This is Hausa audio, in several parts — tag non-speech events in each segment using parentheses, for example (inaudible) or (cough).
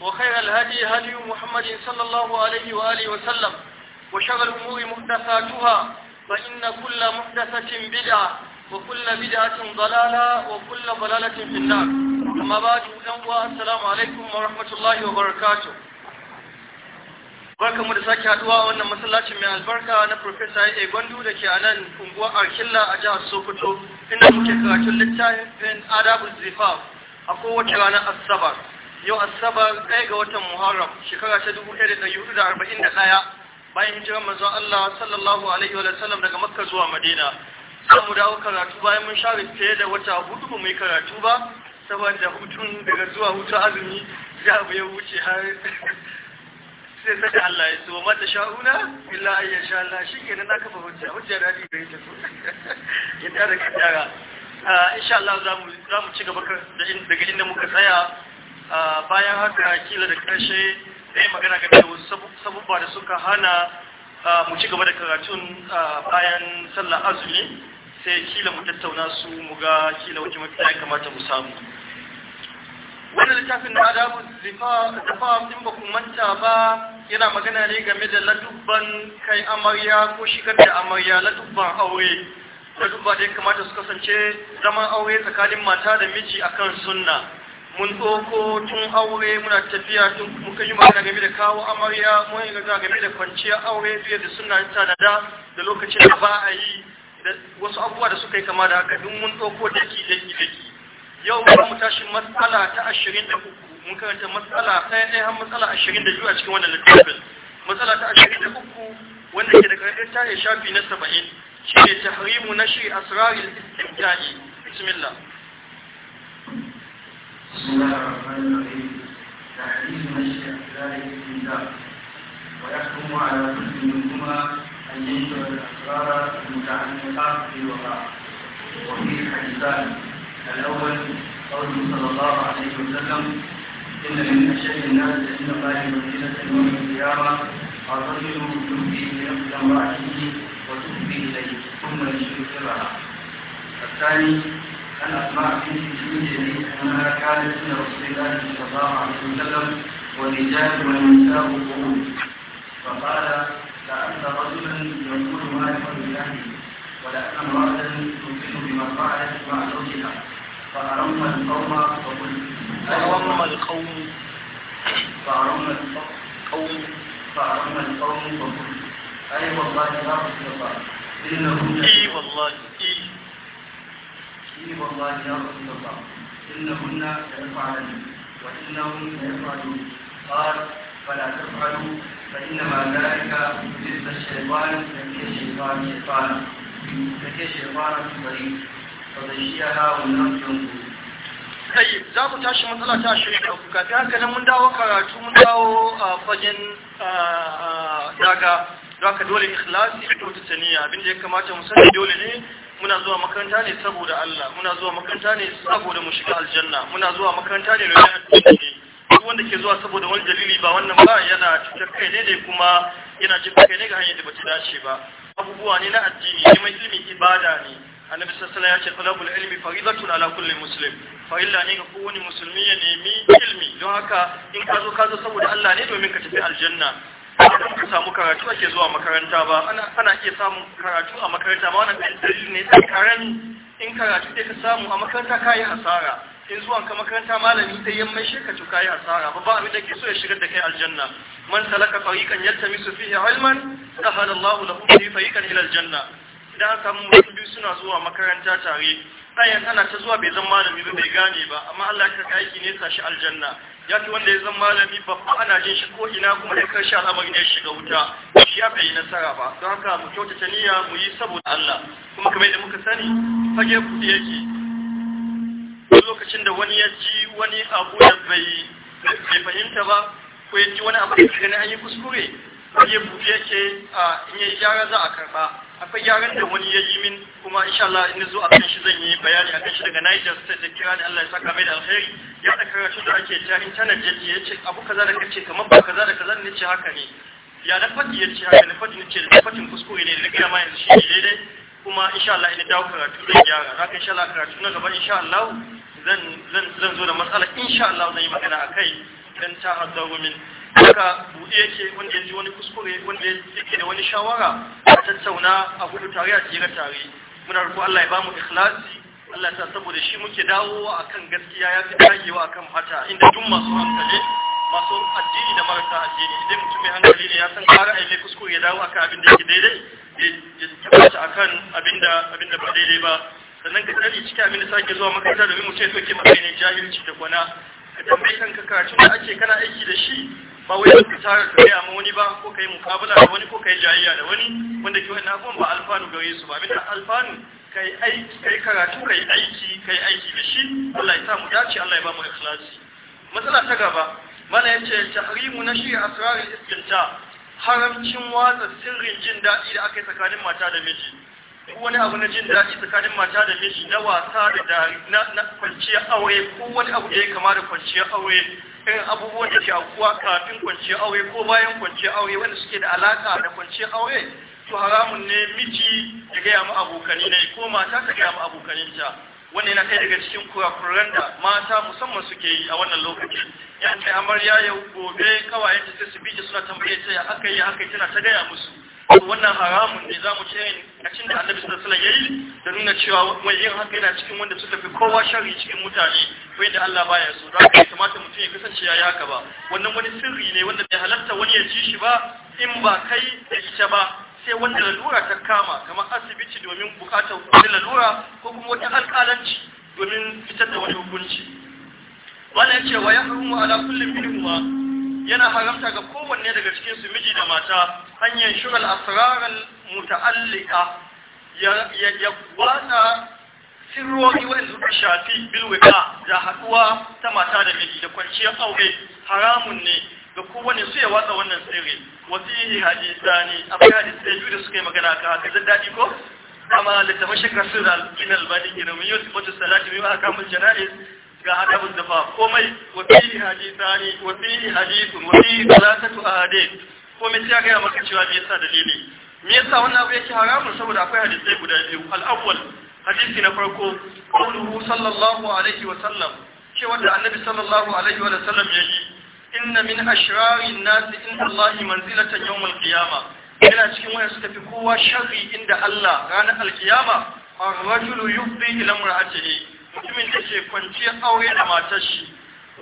وخير الهدي هدي محمد صلى الله عليه وآله وسلم وشر الأمور محدثاتها فإن كل محدثة بدعة وكل بدعة ضلالة وكل ضلالة في النار أما بعد السلام عليكم ورحمة الله وبركاته barka da sake haduwa a wannan masallacin mai albarka na Profesa A. Gwandu da ke a nan unguwar Arkilla a jihar Sokoto inda muke karatun littafin Adabul Zifaf a kowace ranar Asabar. yau asabar ɗaya ga watan muharram shekara ta dubu ɗaya da ɗari hudu da arba'in da ɗaya bayan hijirar manzon Allah sallallahu alaihi wa sallam daga makka zuwa madina za mu dawo karatu bayan mun share fiye da wata hudu ba mu yi karatu ba saboda hutun daga zuwa hutu azumi za mu yi wuce har (laughs) sai sai Allah ya so mata sha'una illa ayya sha Allah shi ke nan aka fa hujja hujja da hadisi gare so (laughs) ya tare ka tara ah, insha Allah za mu za mu ci gaba daga inda muka tsaya bayan haka kila da ƙarshe yi magana game da wasu da suka hana mu ci gaba da karatun bayan sallah azumi sai kila mu tattauna su mu ga kila wajen mafi ya kamata mu samu wani littafin da adabu zifam din ba manta ba yana magana ne game da ladubban kai amarya ko shigar da amarya ladubban aure ladubba da ya kamata su kasance zaman aure tsakanin mata da miji akan sunna mun tsoko tun aure muna tafiya tun muka yi magana game da kawo amarya mun yi magana game da kwanciya aure fiye da suna dada da lokacin da ba a yi da wasu abubuwa da suka yi kama da haka duk mun tsoko daki daki daki yau mun mu tashi matsala ta ashirin da uku mun karanta matsala ɗaya ɗaya har matsala ashirin da biyu a cikin wannan littafin matsala ta ashirin da uku wanda ke da karatun ta ya shafi na saba'in shi ne tahrimu na shi asrarin istimta'i bismillah بسم الله الرحمن الرحيم تحريم نشر ذلك النساء ويحكم على كل منهما أن ينشر الأسرار المتعلقة بالوقاء وفي حديثان الأول قوله صلى الله عليه وسلم إن من أشد الناس عند الله منزلة يوم القيامة الرجل يؤذي بنفس امرأته وتؤذي إليه ثم يشركها الثاني أن أسماء بنت جندي أنها كانت من رسول الله صلى الله عليه وسلم من والنساء قبول فقال لأن رجلا يقول ما يقول بأهله ولأن امرأة تؤمن بما فعلت مع زوجها فأرم القوم وقلت فأرم القوم فأرم القوم فأرم القوم وقلت أي والله لا استطاع إنه إي والله إي إي والله يا رسول الله إنهن سيفعلن وإنهم سيفعلون قال فلا تفعلوا فإنما ذلك ضد الشيطان يأتي الشيطان شيطانا يأتي شيطانا في الطريق فغشيها والناس ينظرون kai za mu tashi matsala ta shirin da kuka ta haka nan mun dawo karatu mun dawo a fagen daga da dole ikhlasi da abin abinda ya kamata mu sani dole ne muna zuwa makaranta ne saboda Allah muna zuwa makaranta ne saboda mu shiga aljanna muna zuwa makaranta ne domin addini duk wanda ke zuwa saboda wani dalili ba wannan ba yana cutar kai ne kuma yana cikin kai ne ga hanyar da bata dace ba abubuwa ne na addini neman ilimi ibada ne annabi sallallahu alaihi wasallam ya ce talabul ilmi faridatun ala kulli muslim illa ne ga kowane musulmi ya nemi ilimi don haka in ka zo ka zo saboda Allah ne domin ka tafi aljanna ka samu karatu ake zuwa makaranta ba ana iya samun karatu a makaranta ba wannan dalil ne ɗan karan in karatu da ka samu a makaranta ka yi hasara in zuwan ka makaranta malami ta yamma shi ka tuka yi hasara ba ba abin da ke so ya shigar da kai aljanna man talaka tariqan yaltamisu fihi ilman sahala Allahu lahu bihi tariqan ila aljanna idan aka samu mutum biyu suna zuwa makaranta tare ɗayan ana ta zuwa bai zama malami ba bai gane ba amma Allah ya aiki ne sa shi aljanna ya fi wanda ya zama malami babba ana jin shi ko ina kuma da karshe al'amari ne shiga wuta shi ya bai nasara ba don haka mu kyautata niyya mu yi saboda Allah kuma kamar yadda muka sani fage kuɗi yake lokacin da wani ya ji wani abu da bai fahimta ba ko ya ji wani abu da gani an yi kuskure waje buɗe yake a in yi gyara za a karɓa akwai gyaran da wani ya yi min kuma insha Allah in zo a kan shi zan yi bayani a kan shi daga Niger State da kira ni Allah ya saka mai da alheri ya da karatu da ake ta internet ce yace abu kaza da kace kamar ba kaza da kaza ne ce haka ne ya na fadi yace haka ne fadi ne ce da fadin kuskure ne da kira ma yanzu shi daidai kuma insha Allah in dawo karatu zan gyara haka insha Allah karatu na gaba insha Allah zan zan zan zo da matsala insha Allah zan yi magana akai dan ta hadda min haka buɗe yake wanda ya ji wani kuskure wanda ya yake da wani shawara a tattauna a hudu tare a jera tare muna roƙo Allah ya bamu ikhlasi Allah ta saboda shi muke dawowa kan gaskiya ya fi dagewa a kan fata inda duk masu hankali masu addini da marasa addini idan mutum mai hankali ne ya san kara aile kuskure ya dawo akan abin da yake daidai ya tabbata akan abin da abin da ba daidai ba sannan ka tsari cikin abin da sake zuwa makaranta domin mu ce ke mafi ne jahilci da kwana ka tambayi kanka karatun da ake kana aiki da shi ba wai ka tara ka yi wani ba ko kai mukabala da wani ko kai yi jayayya da wani wanda ke wannan abubuwan ba alfanu gare su ba abinda alfanu ka yi aiki karatu ka yi aiki ka yi aiki da shi Allah ya sa mu dace Allah ya ba mu ikhlasi matsala ta gaba mana yace tahrimu nashi asrarul istimta haramcin watsa sirrin jin daɗi da aka yi tsakanin mata da miji ko wani abu na jin daɗi tsakanin mata da miji na wasa da na kwanciyar aure ko wani abu da ya kama da kwanciyar aure irin abubuwan da ke kafin kwanciyar aure ko bayan kwanciyar aure wanda suke da alaka da kwanciyar aure to haramun ne miji ya gaya ma abokani ne ko mata ta gaya ma abokaninta wannan yana kai daga cikin kurakuran da mata musamman suke yi a wannan lokaci yan kai amarya yau gobe kawayenta sai su bije suna tambaye ta ya aka yi haka tana ta gaya musu wannan haramun ne za mu ce kacin da annabi sassana ya yi da nuna cewa mai yin haka yana cikin wanda suka fi kowa shari'a cikin mutane wai da Allah baya su Da haka kamata mutum ya kasance yi haka ba wannan wani sirri ne wanda bai halatta wani ya ci shi ba in ba kai da ita ba sai wanda lalura ta kama kamar asibiti domin bukatar wani lalura ko kuma wani alƙalanci domin fitar da wani hukunci wannan cewa ya harumu ala kullum minhuma yana haramta ga kowanne daga cikin su miji da mata hanyar shugal asrarar muta'allika ya wata sirrori wanda suka shafi bilwika da haɗuwa ta mata da miji da kwanciyar aure haramun ne ga kowanne su ya watsa wannan tsere wasu yi hadisa ne akwai hadisa biyu da suka yi magana ka haka zan daɗi ko amma littafin shakar sirra albani ke yau su mutu salati mai ba a kamun jana'iz ga adabun da ba komai wa fihi hadithani wa fihi hadithun wa fihi thalathatu komai sai gaya maka cewa me yasa dalili me yasa wannan abu yake haramun saboda akwai hadisai guda biyu al-awwal hadisi na farko qawluhu sallallahu alaihi wa sallam cewa da annabi sallallahu alaihi wa sallam yayi inna min ashrarin nas inda Allahi manzilatan yawm al-qiyamah yana cikin wayar suka fi kowa sharri inda Allah ranar al-qiyama ar-rajulu yufdi ila imra'atihi mutumin da ke kwanciyar aure da matar shi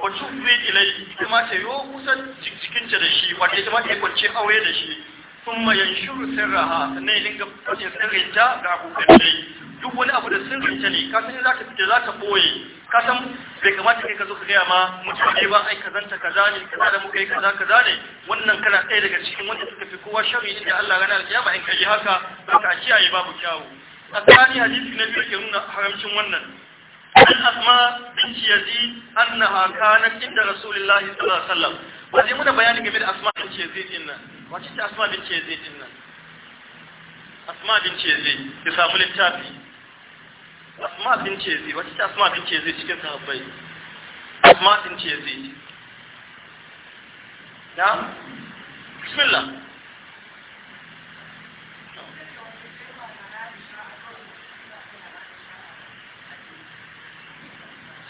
wa tufi ilai ita ma ta yi kusan jikinta da shi wata ita ma ta yi kwanciyar aure da shi sun mayan shuru sirraha sannan ya dinga kwanciyar ta ga abokanai duk wani abu da ta ne ka san za fita za ta boye ka san bai kamata kai ka zo ka gaya ma mutane ba ai kazanta kaza ne kaza da muka yi kaza kaza ne wannan kana ɗaya daga cikin wanda suka fi kowa sharri inda Allah ranar alƙiyama in kai haka ba ka kiyaye babu kyawu a tsakanin hadisi na biyu ke nuna haramcin wannan asma bint yazid annaha kanat inda rasulullahi sallallahu alaihi wasallam bayani game da wace ce asma bint yazid din nan asma bint yazid ki samu littafi asma bint yazid cikin sahabbai asma bint yazid na bismillah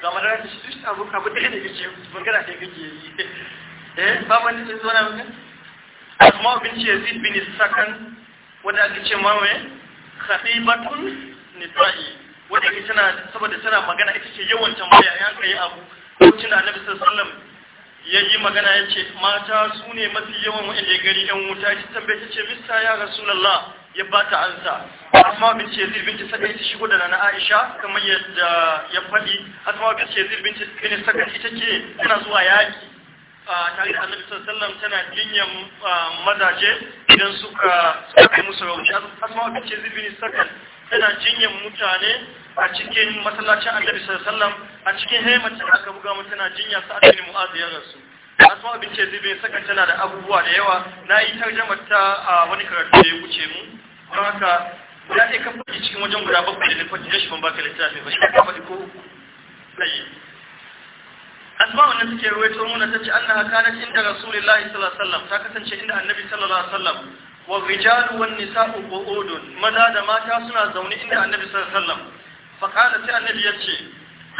kamar da shi duk abu abu da ne kake magana sai kake yi eh ba man ne zo na mun asma bin yazid bin sakan wanda ake ce ma mai khatibatun nisa'i wanda ake tana saboda tana magana ita ce yawan tambaya ya kai abu lokacin da annabi sallallahu alaihi wasallam ya yi magana ya ce mata su ne mafi yawan wa'anda ya gari yan wuta ita tambaye ta ce mista ya rasulallah ya ba ta ansa amma bin yazid bin sakai ta shigo da nana aisha kamar yadda ya faɗi amma bin yazid bin bin sakai ita ce tana zuwa yaki tare da annabi sallallahu alaihi wasallam tana jinyan mazaje idan suka suka musu rauni amma bin yazid bin sakai tana jinyan mutane a cikin masallacin annabi sallallahu alaihi wasallam a cikin haimacin aka buga mutana jinya sa'ad bin mu'adh ya asma bin zibin saka tana da abubuwa da yawa na yi tarjamar ta a wani karatu da ya wuce mu don haka ya ce kan faɗi cikin wajen guda bakwai da nufa jiya shi ban baka littafi ba shi ka faɗi ko sai asma wannan take ruwaito muna ta ce annaha kanat inda rasulullahi sallallahu alaihi wasallam ta kasance inda annabi sallallahu alaihi wasallam wa rijalu wan nisa'u qu'udun maza da mata suna zaune inda annabi sallallahu alaihi wasallam fa qala sai annabi yace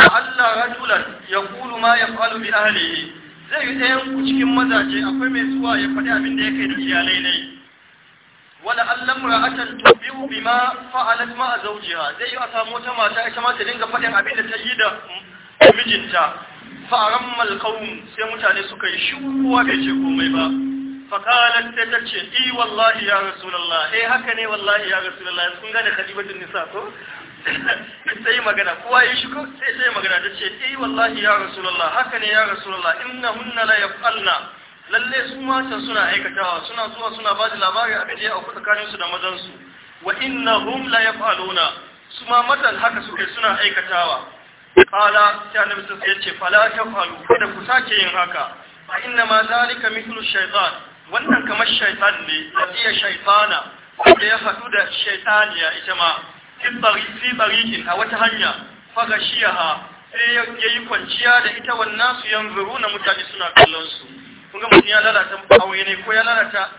Allah rajulan yaqulu ma yaf'alu bi ahlihi zai yi ɗayan ku cikin mazaje akwai mai zuwa ya faɗi abin da ya kai da iyalai ne wala allam ra'atan tubiu bima fa'alat ma zawjiha zai yi a samu wata mata ita ma dinga faɗin abin da ta yi da mijinta fa aramma sai mutane suka yi shuwa bai ce komai ba fa qalat ta tace i eh, wallahi ya rasulullah eh haka ne wallahi ya rasulullah kun gane khadijatun nisa ko sai magana kowa ya shigo sai sai magana ta ce eh wallahi ya Rasulallah! haka ne ya rasulullah innahunna la yaf'alna lalle su mata suna aikatawa suna zuwa suna ba da labari a gaje a tsakanin su da mazan su wa innahum la yaf'aluna su ma matan haka suke suna aikatawa qala ta annabi sai ya ce fala taf'alu kada ku sake yin haka fa inna ma zalika mithlu shaytan wannan kamar shaytan ne Ya iya shaytana da ya hadu da shaytaniya ita ma fi a wata hanya ha sai ya yi kwanciya da ita wannan su yanzuru na mutane suna kallon su kun ga mutum ya lalata aure ne ko ya lalata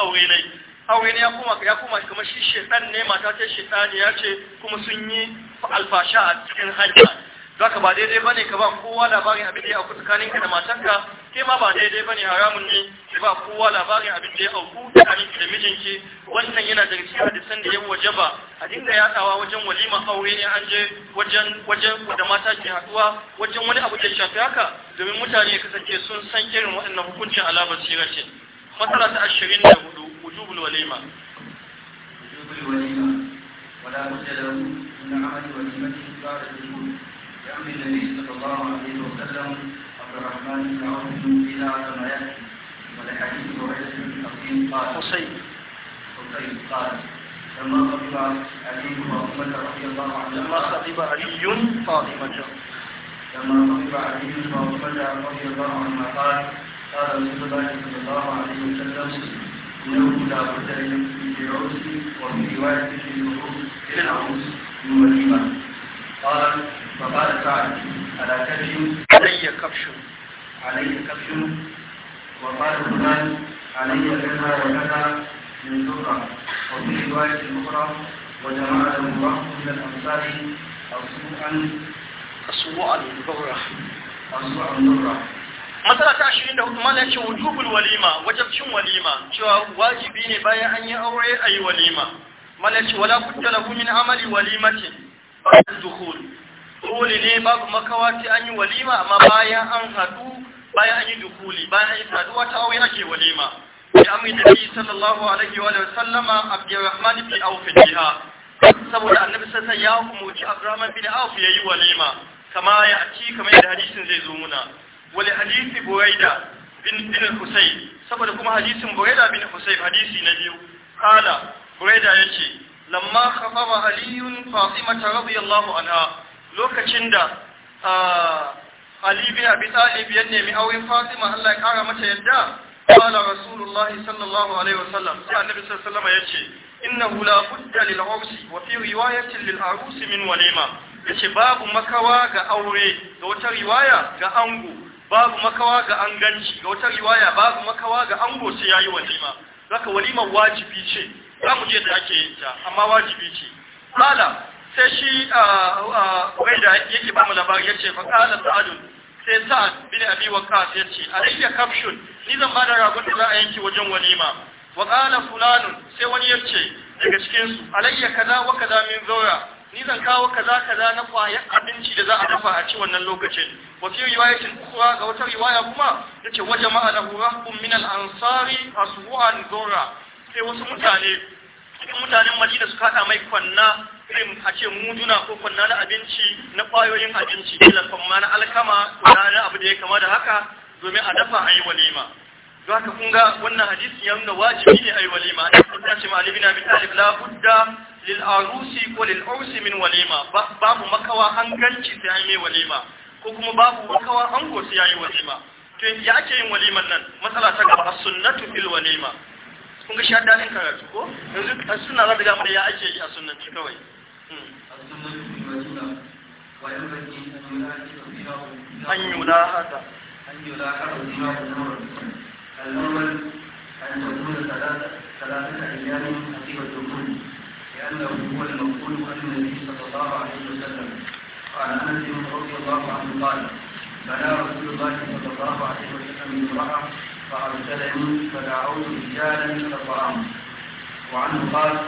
aure ne aure ne ya kuma kamar shi shedan ne mata ta ya ce kuma sun yi alfasha a cikin hanya zaka ba daidai bane ka ba kowa labarin abin da ya auku tsakanin ka da matanka ke ma ba daidai bane haramun ne ki ba kowa labarin abin da ya auku tsakanin da mijinki wannan yana daga cikin hadisan da ya wajaba a dinga yatsawa wajen walima aure ne an je wajen wajen da mata ke haduwa wajen wani abu da shafi haka domin mutane ya kasance sun san irin waɗannan hukuncin sirar sirati matsala ta ashirin da hudu wujubul walima wujubul walima wala budda lahu min amali walimati ba'da wujub عن النبي صلى الله عليه وسلم عبد الرحمن بن عوف بن إلى كما يأتي ولحديث هريرة بن حصين قال حصين حصين قال لما خطب علي وفاطمة رضي الله عنهما لما خطب علي فاطمة لما خطب علي وفاطمة رضي الله عنهما قال قال رسول الله صلى الله عليه وسلم إنه لا بد في عرس وفي رواية في العروس من وليمة قال فقال سعد ألا كبش علي كبش علي كبش وقال فلان علي كذا وكذا من ذرة وفي رواية أخرى وجمع له الله من الأنصار أصبعا أصبعا ذرة أصبعا ذرة matsala ta ashirin da hudu mana ce wujubul walima wajabcin walima cewa wajibi ne bayan an yi aure a yi walima mana ce wala kujjala min amali walimatin dukhul dole ne babu makawa sai an yi walima amma bayan an hadu bayan an yi dukuli bayan an yi saduwa ta aure ake walima bi amri nabi sallallahu alaihi wa sallama abdurrahman ibn auf jiha. saboda annabi sallallahu ya umurci abdurrahman bin auf yayi walima kama ya ci kama da hadisin zai zo muna wal hadisi buraida bin bin husayn saboda kuma hadisin buraida bin husayn hadisi na biyu kala buraida yace lamma khafara aliyun fatima radiyallahu anha lokacin da ali bin abi talib ya nemi auren fatima Allah ya kara mata yadda qala rasulullah sallallahu alaihi wasallam sai annabi sallallahu alaihi wasallam yace innahu la budda lil ursi wa fi riwayatin lil arus min walima yace babu makawa ga aure ga wata riwaya ga angu, babu makawa ga anganci ga wata riwaya babu makawa ga ango sai yayi walima zaka walima wajibi ce za mu je da ake yin ta amma wajibi ce kala sai shi wai da yake ba mu labari yace fa kala sa'adun sai sa'ad bin abi waqas yace alayya kafshun ni zan bada ragon da za a yanki wajen walima wa kala fulanun sai wani yace daga cikin su alayya kaza wa kaza min zawra ni zan kawo kaza kaza na kwaya abinci da za a dafa a ci wannan lokacin wa fi riwayatin ukhra ga wata riwaya kuma yace wa jama'a lahu rahbun min al-ansari asbu'an zawra sai wasu mutane cikin mutanen madina su kada mai kwanna irin a ce muduna ko kwanna na abinci na kwayoyin abinci ila kwamma na alkama ko na abu da ya kama da haka domin a dafa a yi walima Za ka kunga wannan hadisi ya nuna wajibi ne a yi walima a yi kuma ce malibi na bin talib la budda lil arusi ko lil ursi min walima babu makawa an ganci sai an yi walima ko kuma babu makawa an gosi ya yi walima to ya ake yin waliman nan matsala ta gaba sunnatu fil walima kun ga sha daɗin karatu ko yanzu a suna za ta gama ya ake yi a sunanci kawai an yi لأنه هو المقول النبي صلى الله عليه وسلم رضي الله عنه قال بلى رسول الله صلى الله عليه وسلم فأرسلني فدعوت رجالا فطعمت وعنه قال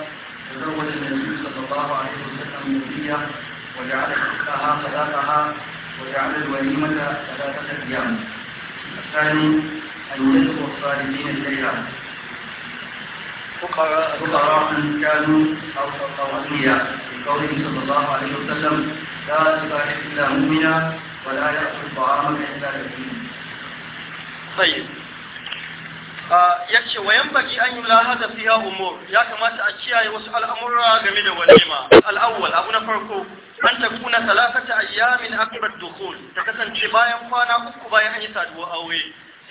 تزوج النبي صلى الله عليه وسلم النبي وجعل حقها ثلاثها وجعل الوليمة ثلاثة أيام الثاني أن يدعو الصالحين الليلة فقراء فقراء كانوا أو أو أغنياء لقوله صلى الله عليه وسلم لا تباح إلا مؤمنا ولا يأكل طعاما إلا يتيما. طيب Ah, ya ce wa yan baki an yi lahada fiya umur ya kamata a kiyaye wasu al'amura game da walima al'awwal abu na farko an ta kuna talafata ayyamin akbar dukhul ta kasance bayan kwana uku bayan an yi saduwa aure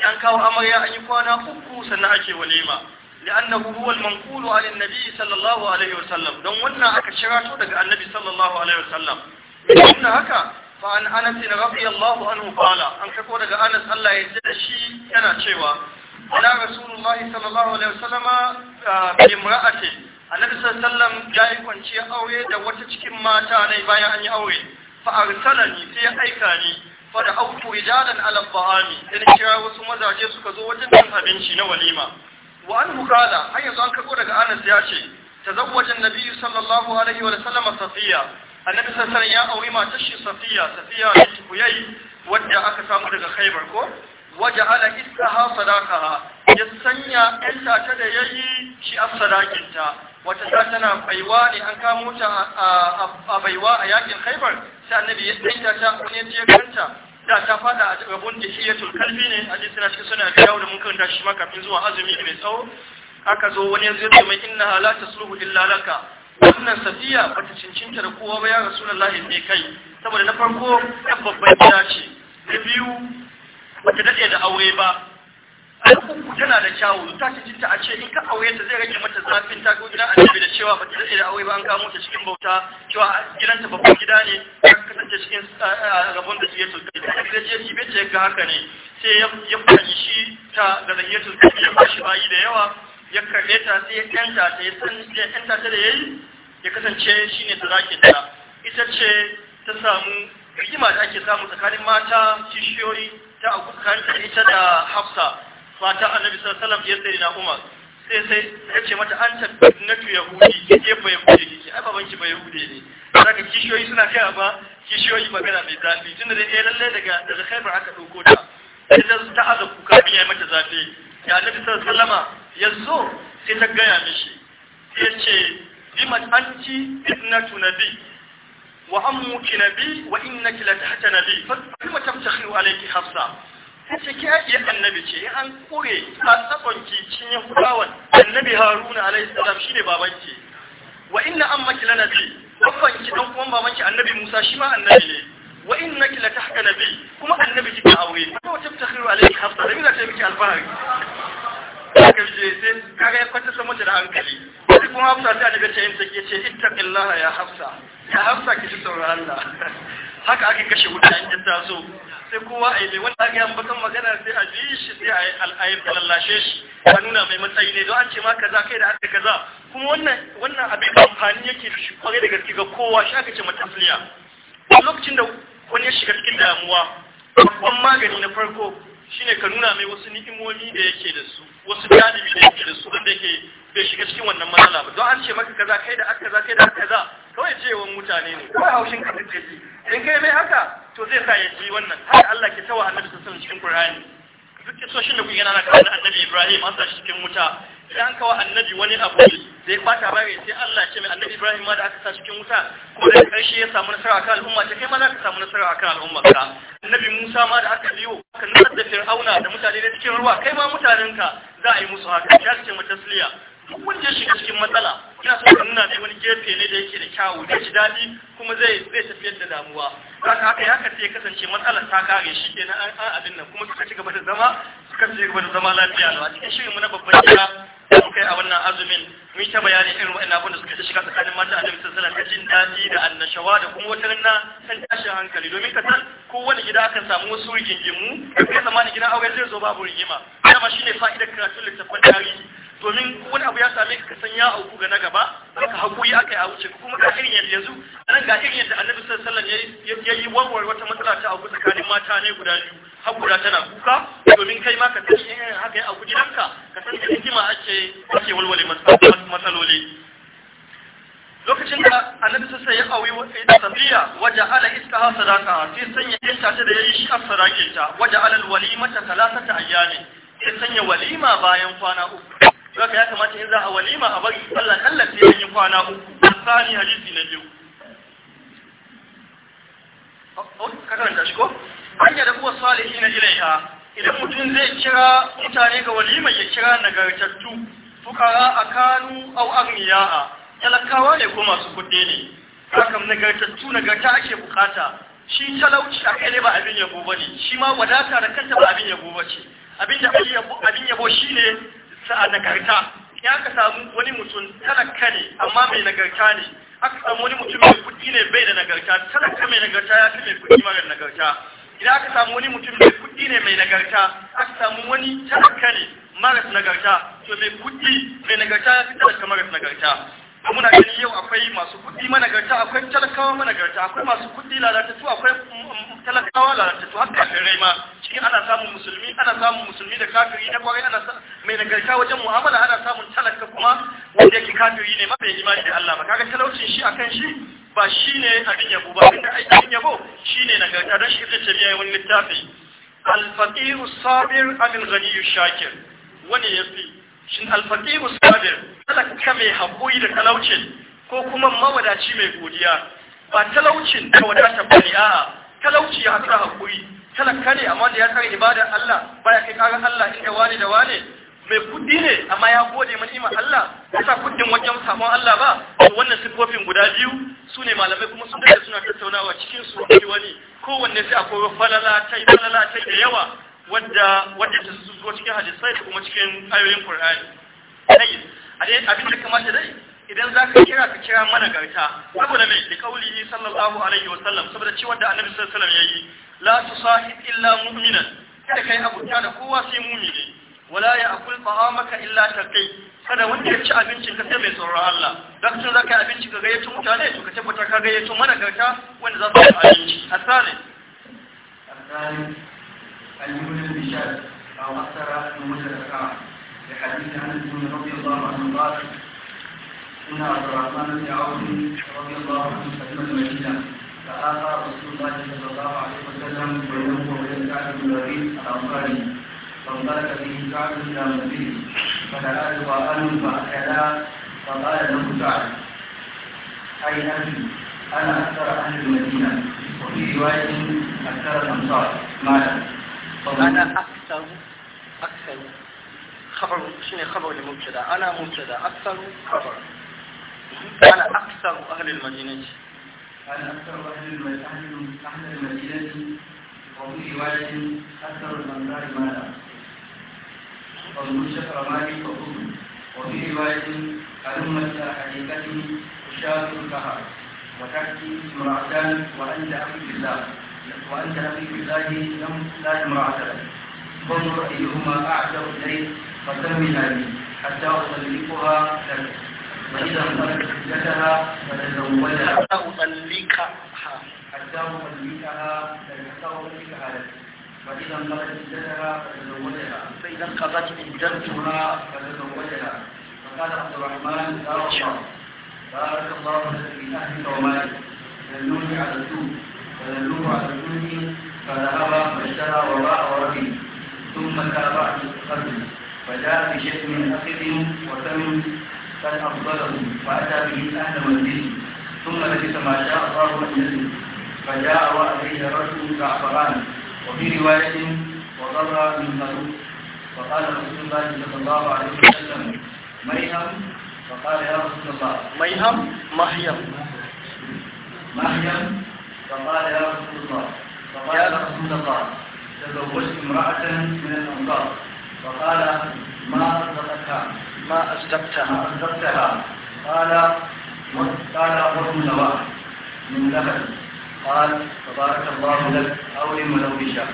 an kawo amarya an yi kwana uku sannan ake walima لأنه هو المنقول عن النبي صلى الله عليه وسلم دون ونا أكشراته دقى النبي صلى الله عليه وسلم إن هكا فعن أنس رضي الله عنه قال أن تقول دقى أنس الله يزد الشيء أنا cewa. ala rasulullahi sallallahu alaihi wasallama bi mar'ati annabi sallallahu alaihi wasallam ya yi kwanciya aure da wata cikin mata ne bayan an yi aure fa arsalani sai ya aika ni fa da autu rijalan ala ta'ami sai kira wasu mazaje suka zo wajen cin abinci na walima wa an hukala har yanzu an karbo daga Anas ya ce tazawwaja annabi sallallahu alaihi wasallama safiya annabi sallallahu alaihi ya auri matar shi safiya safiya ne kuyayi wadda aka samu daga Khaibar ko waje ala iskaha ha ya sanya ‘yanta ta da ya yi shi a sadakinta wata ta tana baiwa ne an kamo ta a baiwa a yakin haibar sai annabi ya ɗanta ta wani ya kanta da ta fada a rabon da shi ya tulkalfi ne a jisira shi suna biya da mun karanta shi makafin zuwa azumi mai tsawo aka zo wani yanzu ya ce mai inna halata sulhu illa laka wannan safiya bata cincinta da kowa ba ya rasu rasulullahi mai kai saboda na farko ɗan babban gida ce na biyu bata daɗe da aure ba tana da kyawu ta ci cinta a ce in ka aure ta zai rage mata zafin ta ko gidan annabi da cewa bata daɗe da aure ba an kamo ta cikin bauta cewa ta babban gida ne ta kasance cikin rabon da ziyartar kai da ta je ci bace ga haka ne sai ya fahimci shi ta ga ziyartar kai ya bashi bayi da yawa ya karɓe ta sai ya yanta ta ya san ya yanta ta da yi ya kasance shine sadakin ta ita ce ta samu rigima da ake samu tsakanin mata kishiyoyi ta abokan ita da hafsa mata annabi sallallahu alaihi wasallam ya na umar sai sai ya ce mata an tabbatar na tu yahudi ke ke ba yahudi kike ai baban ki ba yahudi ne saka kishiyoyi suna kai ba kishiyoyi magana mai zafi tunda dai eh lalle daga daga khaibar aka dauko ta sai ta ta azu kuka biya mata zafi ya annabi sallallahu alaihi wasallama yazo sai ta gaya mishi sai ya ce bimat anti na nabi وأمك نبي وإنك لتحت نبي فلما تفتخر عليك حفصة take ya annabi ce an kure a tsabonki cin yahudawan annabi haruna alaihi salam ne babanki wa inna ammaki lanabi babanki dan uwan babanki annabi musa shi ma annabi ne wa innaki latahka bi kuma annabi kika aure ko tabtakhiru alaihi hafsa da mina ta miki alfahari kaga je sai kare ya sama ta da hankali sai kuma hafsa ta daga ce imsa ke ce ittaqillaha ya hafsa ya hafsa ki ji tsoron Allah haka ake kashe wuta in ta taso sai kowa a yi mai wanda aka yi ambatan magana sai a ji shi sai a yi al'ayar da lallashe shi a nuna mai matsayi ne don an ce ma kaza kai da aka kaza kuma wannan wannan abin amfani yake da shi kwarai da gaske ga kowa shi aka ce matasliya lokacin da wani ya shiga cikin damuwa babban magani na farko shine ka nuna mai wasu ni'imomi da yake da su wasu dalibi da yake da su wanda yake bai shiga cikin wannan matsala ba don an ce maka kaza kai da aka kaza kai da aka kaza kawai cewa mutane ne kawai haushin ka kake ji in kai mai haka to zai sa ya ji wannan haka Allah ke tawa annabi sallallahu alaihi cikin Qur'ani duk kisoshin da kuke yana kawo annabi Ibrahim an sa shi cikin wuta idan kawo annabi wani abu da ya bata bai sai Allah ce mai annabi Ibrahim ma da aka sa cikin wuta ko da karshe ya samu nasara akan al'umma ta kai ma za ka samu nasara akan al'umma ka annabi Musa ma da aka biyo kan nasar da Fir'auna da mutane da cikin ruwa kai ma mutanenka za a yi musu haka ya ce mutasliya duk wanda ya shiga cikin matsala ina so ka nuna mai wani gefe ne da yake da kyawu da ci daɗi kuma zai zai tafiyar da damuwa haka haka ya kace ya kasance matsala ta kare shi ke nan an abin nan kuma suka ci gaba da zama suka ci gaba da zama lafiya a cikin shirin mu na babban gida kai a wannan azumin mun yi ta bayani irin waɗannan abin da suka shiga tsakanin mata annabi sallallahu alaihi wasallam jin daɗi da annashawa da kuma wata ranna san tashin hankali domin ka san wani gida akan samu wasu rigingimu kai zamanin gidan aure zai zo babu rigima dama shine fa'idar karatun littafin tarihi domin wani abu ya same ka san ya auku ga na gaba aka hakuri aka yi a wuce kuma ga irin yanzu nan ga irin yadda annabi sallallahu alaihi wasallam ya yi warware wata matsala ta auku tsakanin mata ne guda biyu haƙura tana kuka domin kai ma ka san irin haka ya auku gidanka ka san da hikima ake ake walwale matsaloli lokacin da annabi sassa ya awi tafiya waje ala iska ha sadaka sai sanya yanta ta da ya yi shi a sadakinta waje ala walima ta talatata ayyami sai sanya walima bayan kwana uku zaka ya kamata in za a walima a bari Allah kallace ya yi kwana uku sani hadisi na biyu oh, hanya da kuwa ko na ilaiha idan mutum zai kira mutane ga walima ya kira nagartattu fukara a kanu au a talakawa ne ko masu kudi ne Kakam nagartattu nagarta ake bukata shi talauci a kai ba abin yabo ba ne shi ma wadata da kanta ba abin yabo ba ce abin yabo shi ne sa'a nagarta ya ka samu wani mutum talaka ne amma mai nagarta ne aka samu wani mutum mai kuɗi ne bai da nagarta talaka mai nagarta ya fi mai kuɗi mara nagarta idan aka samu wani mutum mai kuɗi ne mai nagarta aka samu wani talaka ne mara nagarta to mai kuɗi mai nagarta ya fi talaka mara nagarta muna gani yau akwai masu kuɗi garta akwai talakawa garta akwai masu kuɗi lalatattu akwai talakawa lalata lalatattu haka rai ma ciki ana samun musulmi ana samun musulmi da kafiri na kwarai ana mai nagarta wajen mu'amala ana samun talaka kuma wanda yake kafiri ne ma imani da Allah ba kaga talaucin shi akan shi ba shine abin yabo ba abin a aikin yabo shine nagarta don shi zai ce biya wani littafi al-faqir sabir Amin al shakir wani yafi shin al-faqir sabir talaka mai haƙuri da talaucin ko kuma mawadaci mai godiya ba talaucin da wadata bane a'a talauci ya haɗa hakuri talaka ne amma da ya tsare ibadar Allah baya kai karan Allah inda wane da wane mai kudi ne amma ya gode manima Allah ya sa kudin wajen samun Allah ba wannan sifofin guda biyu su ne malamai kuma sun dace suna tattaunawa cikin su wani wani kowanne sai akwai falala tai falala tai da yawa wadda wadda ta zuwa cikin hadisai kuma cikin ayoyin Qur'ani abin da kamata dai idan za ka kira ka kira mana garta saboda mai da kaulihi sallallahu alaihi sallam saboda ciwon da annabi sallallahu alaihi la tusahib illa mu'minan kada kai abuta da kowa sai mu'mini wala ya akul ta'amaka illa taqi kada wanda ya ci abincin ka sai mai tsoron Allah dan tun zaka abinci ka gayyato mutane to ka tabbata ka gayyato mana garta wanda za su ci abinci asali asali al-yumnu bishar aw asara al-mujarraka لحديث عن ابن رضي الله عنه قال من عبد الرحمن بن عوف رضي الله عنه سلم المدينه فآتى رسول الله صلى الله عليه وسلم بينه وبين كعب بن الوليد الأنصاري فانطلق به كعب إلى مسجده فدعا لقاءه فأكلا فقال له كعب أي أنت أنا أكثر أهل المدينة وفي رواية أكثر الأنصار ماذا؟ أنا أكثر أكثر خبر شنو خبر المبتدأ أنا مبتدأ أكثر خبر قال أكثر أهل المدينة قال أكثر أهل المدينة وفي رواية أكثر الأنصار مالا وابن شكر فقوم وفي رواية ألمت حديقة وشاف الكهر وتحتي امرأتان وأنت أخي الله وأنت أخي الله لم لا امرأة لك فانظر أيهما أعجب إليك فسمي لي حتى أصلحها لك فإذا خرجت عدتها فتزوجها حتى أطلقها حتى أطلقها حتى انقضت عدتها فتزوجها فإذا انقضت عدتها فتزوجها فقال عبد الرحمن يا الله بارك الله لك في أهلك ومالك دلوني على السوق فدلوه على السوق فذهب فاشترى وراء وربي ثم تابع في القلب فجاء بشيء من أخذ وثمن قد أفضله وأتى به الأهل والدين ثم لبث ما شاء الله أن يزل فجاء وأتيه رجل زعفران وفي رواية وضر من خلوق فقال رسول الله صلى الله عليه وسلم ميهم فقال يا رسول الله ميهم محيم محيم فقال يا رسول الله فقال يا رسول الله تزوجت امرأة من الأنصار فقال ما رزقتها ما أصدقتها أصدقتها قال قال رجل واحد من لبن قال تبارك الله لك أو أولم ولو بشا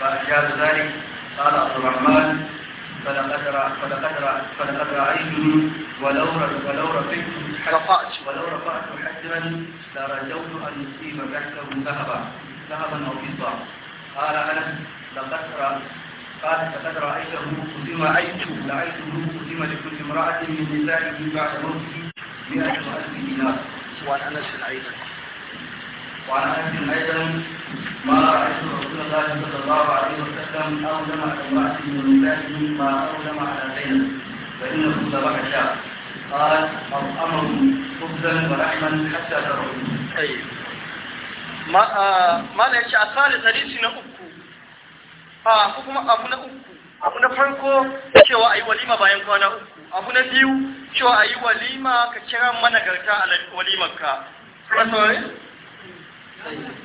فأجاب ذلك قال عبد الرحمن فلقد فلقد فلقد رأيتني ولو ولو رفعت رفعت ولو رفعت حجرا لرجوت أن يصيب بحثه ذهبا ذهبا أو فضة قال أنس لقد قال فقد رأيته قسم أيت رأيته قسم لكل امرأة من نسائه بعد موته مئة ألف دينار وعن أنس أيضا وعن أنس أيضا ما رأيت رسول الله صلى الله عليه وسلم أولم على امرأة من نسائه ما أولم على زينب فإنه ذبح شاء قال أو أمر خبزا ولحما حتى تروي طيب ما آه ما ليش أثار الحديث نقول a kuma abu na uku abu na farko cewa a yi walima bayan kwana uku abu na biyu cewa a yi walima ka kira managarta a walimarka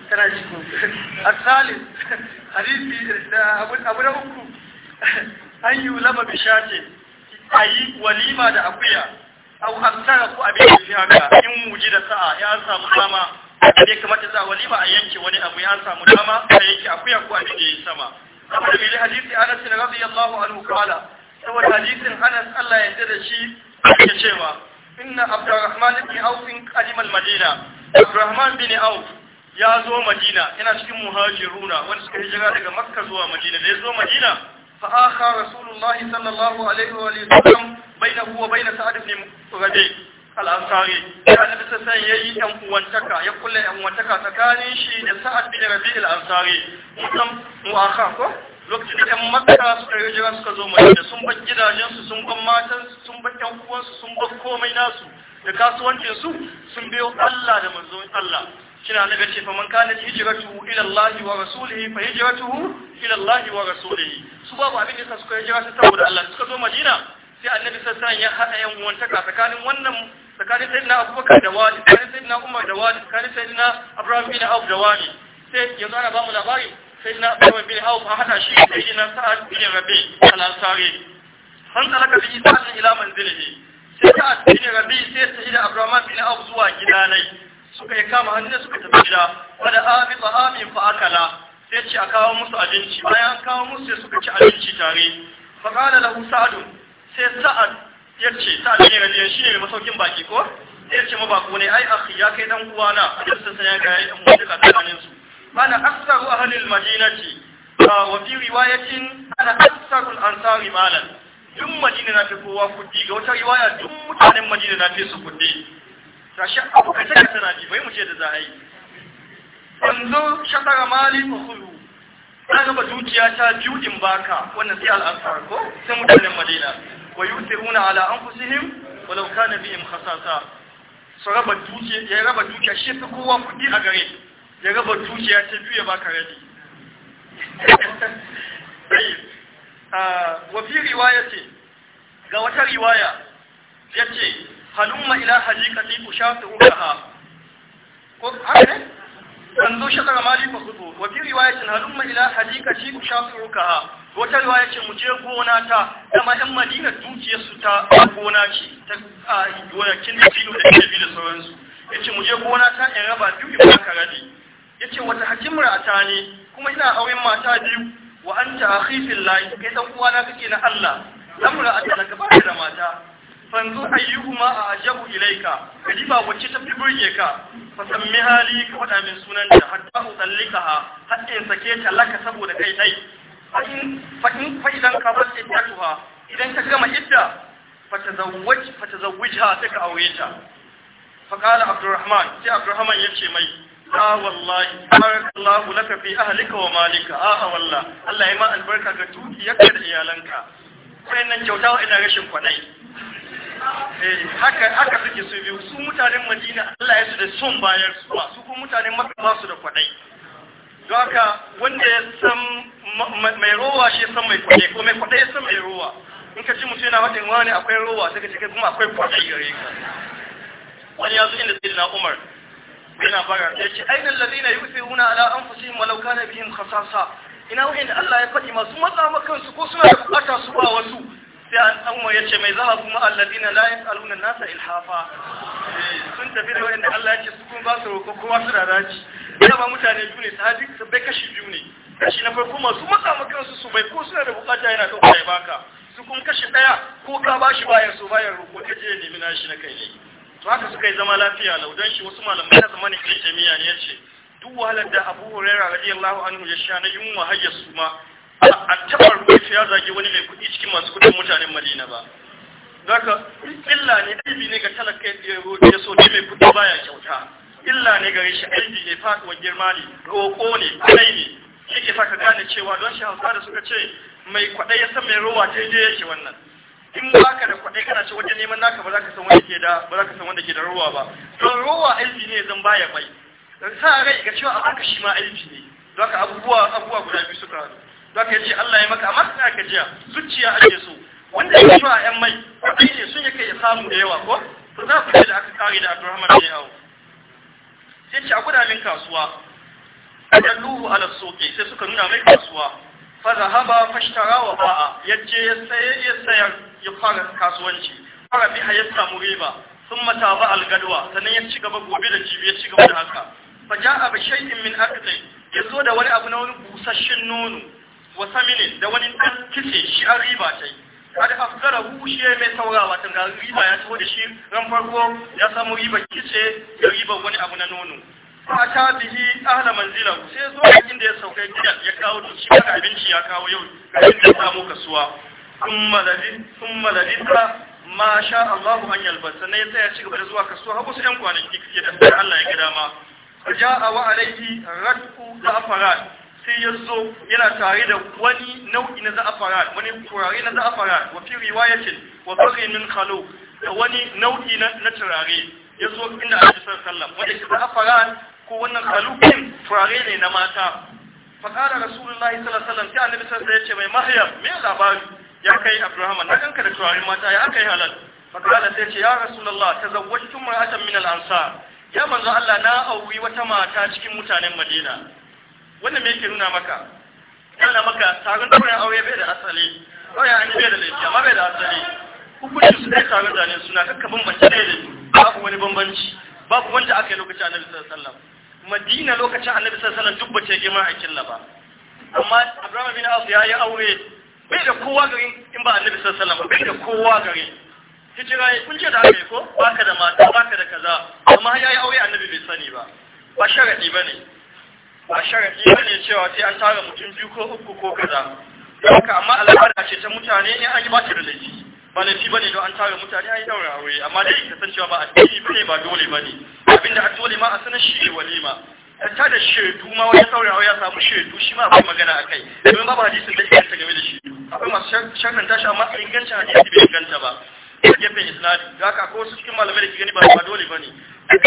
kana jiko a (laughs) salis (laughs) hadisi da abu na uku (laughs) an yi lama bishace a yi walima da akuya abu hamsara ko abin da fi haka in wuji da sa'a ya samu dama da ya kamata za a walima a yanke wani abu ya samu dama a yanke akuya ko abin da ya yi sama saboda bi hadisi Anas radiyallahu anhu kala saboda hadisin Anas Allah ya yarda da shi yake cewa inna Abdurrahman ibn Auf qadim al-Madina Abdurrahman bin Auf ya zo Madina yana cikin muhajiruna wanda suka hijira daga Makka zuwa Madina da ya zo Madina fa akha Rasulullahi sallallahu alaihi wa sallam bainahu wa bain Sa'd ibn Rabi' al'ansari ya nabi sassan ya yi ‘yan uwantaka ya kulle ‘yan uwantaka tsakanin shi da sa'ad bin rabi al'ansari mutum mu'aka ko lokacin da ‘yan makka suka yi jira suka zo madina sun bar gidajensu sun bar matansu sun bar ‘yan uwansu sun bar komai nasu da kasuwancinsu sun biyo Allah da manzon Allah kina daga ce faman kana hijratu ila Allah wa rasulihi fa hijratuhu ila Allah wa rasulihi su babu abin da suka yi hijira saboda Allah suka zo Madina sai annabi sallallahu alaihi wasallam ya hada yan uwantaka tsakanin wannan tsakanin sayyidina abubakar da wani tsakanin sayyidina umar da wani tsakanin sayyidina abraham bin auf da wani sai yanzu ana bamu labari sayyidina abraham bin auf a hada shi da sayyidina sa'ad bin rabi al-ansari han talaka bi isan ila manzilihi sai sa'ad bin rabi sai sayyidina abraham bin auf zuwa gida nai, suka yi kama hannun suka tafi gida wada abi ba amin fa akala sai ce a kawo musu abinci bayan an kawo musu sai suka ci abinci tare fa qala lahu sa'ad sai sa'ad ya ce ta ne rajiyar shi ne masaukin baki ko ya ce ma bako ne ai akhi ya kai dan uwa na da sun sanya ga yayin mu duka tsakanin su mana aksaru ahlil madinati wa fi riwayatin ana aksaru al-ansari malan duk madina na fi kowa kudi ga wata riwaya duk mutanen madina na fi su kudi tashi abu ka take tana ji bai mu ce da zahai yanzu shatara mali fa khulu na gaba dukiya ta biyu din baka wannan sai al'asar ko sai mutanen madina ويؤثرون على ala ولو كان بهم bihim khasasa su raba رب ya raba dukiya shi fi kowa رب a gare ya raba dukiya ta وفي ya ga wata riwaya yace halumma ila hajiqati ushatu ha. ko haka ne kanzo mali fa wa fi riwayatin halumma ila ushatu wata riwaya ce mu je gona ta dama ɗan madina dukiya su ta gona ce ta gonakin da filo da kebi da sauransu ya ce mu je gona ta in raba duk in baka rabi ya ce wata hakimar a ta ne kuma ina auren mata biyu wa an ta akhifin layi kai ɗan uwana kake na Allah lamura a ta gaba da mata fanzu ma a ajabu ilaika ka jiba wacce ta fi burge ka fasammi hali ka faɗa min sunanta hatta utallika ha hatta in sake ta laka saboda kai ɗai fa'in fa'in fa'idan qabal idan ka gama idda fatazawwaj fatazawwijha sai ka aure ta fa qala abdurrahman sai abdurrahman ce mai A wallahi barakallahu laka fi ahlika wa malika a wallah Allah ya ma albarka ga dukiyarka da iyalanka wayannan kyauta ina rashin kwadai eh, haka haka suke su biyu su mutanen Madina Allah ya su da son bayar su ba su kuma mutanen Makka ba su da kwadai don wanda ya san mai rowa shi san mai kwaɗe ko mai kwaɗe ya san mai rowa in ka ji mutum yana waɗin wani akwai rowa sai ka ce kuma akwai kwaɗe gare ka wani ya zo inda sai na umar yana fara ya ce ainihin lalina yi kusa wuna ala an fusi malauka na biyun kasasa ina wahin da allah ya faɗi masu matsa makansu ko suna da bukata su ba wasu sai an tsanwa ya ce mai za a kuma alladina layin alunan nasa ilhafa sun tafi da wanda Allah ya ce su kuma ba su roƙo kowa su raraci ina ba mutane biyu ne su bai kashi biyu ne kashi na farko masu matsa ma kansu su bai ko suna da bukata yana ɗauka ya baka su kuma kashi ɗaya ko ka ba shi bayan so bayan roƙo ta je nemi nashi na kai ne to haka suka yi zama lafiya laudan shi wasu malamai na zamanin jami'a ne ya ce duk wahalar da abu huraira radiyallahu anhu ya sha na yunwa hajjar su ma a taɓa rubutu ya zagi wani mai kuɗi cikin masu kuɗin mutanen madina ba za ka illa ne aibi ne ga talaka ya so ne mai kuɗi baya kyauta illa ne gare shi aibi ne faɗuwa girma ne roƙo ne kai ne yake sa ka gane cewa don shi hausa da suka ce mai kwaɗai ya san mai rowa daidai yake wannan in ba ka da kwaɗai kana ce wajen neman naka ba za ka san wanda ke da ba za ka san wanda ke da rowa ba don rowa aibi ne zan baya bai sa rai ga cewa a haka shi ma aibi ne Za ka abubuwa abubuwa guda biyu suka haɗu don ka ce Allah ya maka amma suna ka jiya zuciya ake so wanda ya a yan mai kudai ne sun yake ya samu da yawa ko to za ku ce da aka kare da Abdulrahman bin Auf sai ce a min kasuwa kalluhu ala soke sai suka nuna mai kasuwa fa zahaba fashtara wa ba'a ya saye ya sayar ya fara kasuwanci fara biha ya samu riba sun mata ba algadwa sannan ya ci gaba gobe da jibi ya ci gaba da haka fa ja'a bi shay'in min aqdi yazo da wani abu na wani busasshen nono wa da wani ɗan kice shi an riba ta yi kad afzara hu shi mai saurawa tun riba ya taho da shi ran farko ya samu riba kice da riba wani abu na nono fa ta bihi ahla manzila sai zo a inda ya sauka gidan ya kawo duci daga abinci ya kawo yau ga inda ya samu kasuwa thumma ladin thumma ladinka ma sha Allah an ne ya ci gaba da zuwa kasuwa har wasu ƴan kwanaki kike da Allah ya ga dama ja'a wa alaihi radku da afarat sai ya zo yana tare da wani nau'i na za'afarat wani turare na za'afarat wa fi riwayatin wa bari min khalo da wani nau'i na turare ya zo inda ake son sallam wanda shi za'afarat ko wannan khalukin turare ne na mata fakara rasulullahi sallallahu alaihi wasallam sai annabi sallallahu ya ce mai mahyam mai labari ya kai abraham na kanka da turaren mata ya aka yi halal fakara sai ce ya rasulullah tazawwajtu mar'atan min al-ansar ya manzo Allah na auri wata mata cikin mutanen Madina wannan me yake nuna maka yana maka taron ɗaurin aure bai da asali ɗaurin an bai da laifi amma bai da asali Hukuncin su ɗaya taron zane suna kakka bambanci ɗaya da babu wani bambanci babu wanda aka yi lokacin annabi sallallahu alaihi madina lokacin annabi sallallahu alaihi wasallam ce girma a killa ba amma abraham bin abu ya yi aure bai da kowa gari in ba annabi sallallahu alaihi bai da kowa gari hijira ya kunce da aka yi ko baka da mata baka da kaza amma ya yi aure annabi bai sani ba ba ba ne. A sharaɗi ba ne cewa sai an tara mutum biyu ko uku ko kaza haka amma al'ada ce ta mutane in an yi ba ta da laifi ba laifi ba ne don an tara mutane an yi daura aure amma dai kasancewa ba a addini ba ne ba dole ba ne abinda a dole ma a sanar shi ne walima ta da shaidu ma wani saurawa ya samu shaidu shi ma akwai magana a kai domin babu hadisin da ta game da shi. akwai masu shannan tashi amma a inganta hadisi bai inganta ba a gefen isnadi da ka akwai wasu cikin malamai da ke gani ba dole ba ne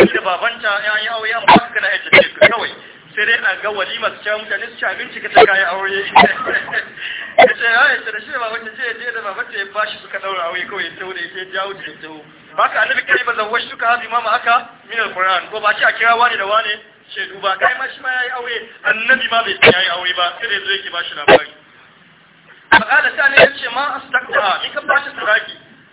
da babanta ya yi aure amma kana yadda ce kawai sai dai na ga walima su cewa mutane su ci abinci ka ta kayan aure ya (laughs) ce ya yace da shi da babanta ce je da babata ya bashi suka daura aure kawai ya tawo da ya jawo da ya tawo ba ka annabi kai ba zawwa shi ka hazi mama aka min alquran ko ba shi a kira wani da wani ce duba kai ma shi ma yayi aure annabi ma bai yayi aure ba sai da yazo yake bashi labari فقال ثاني يقول ما ka من كم باشا Kala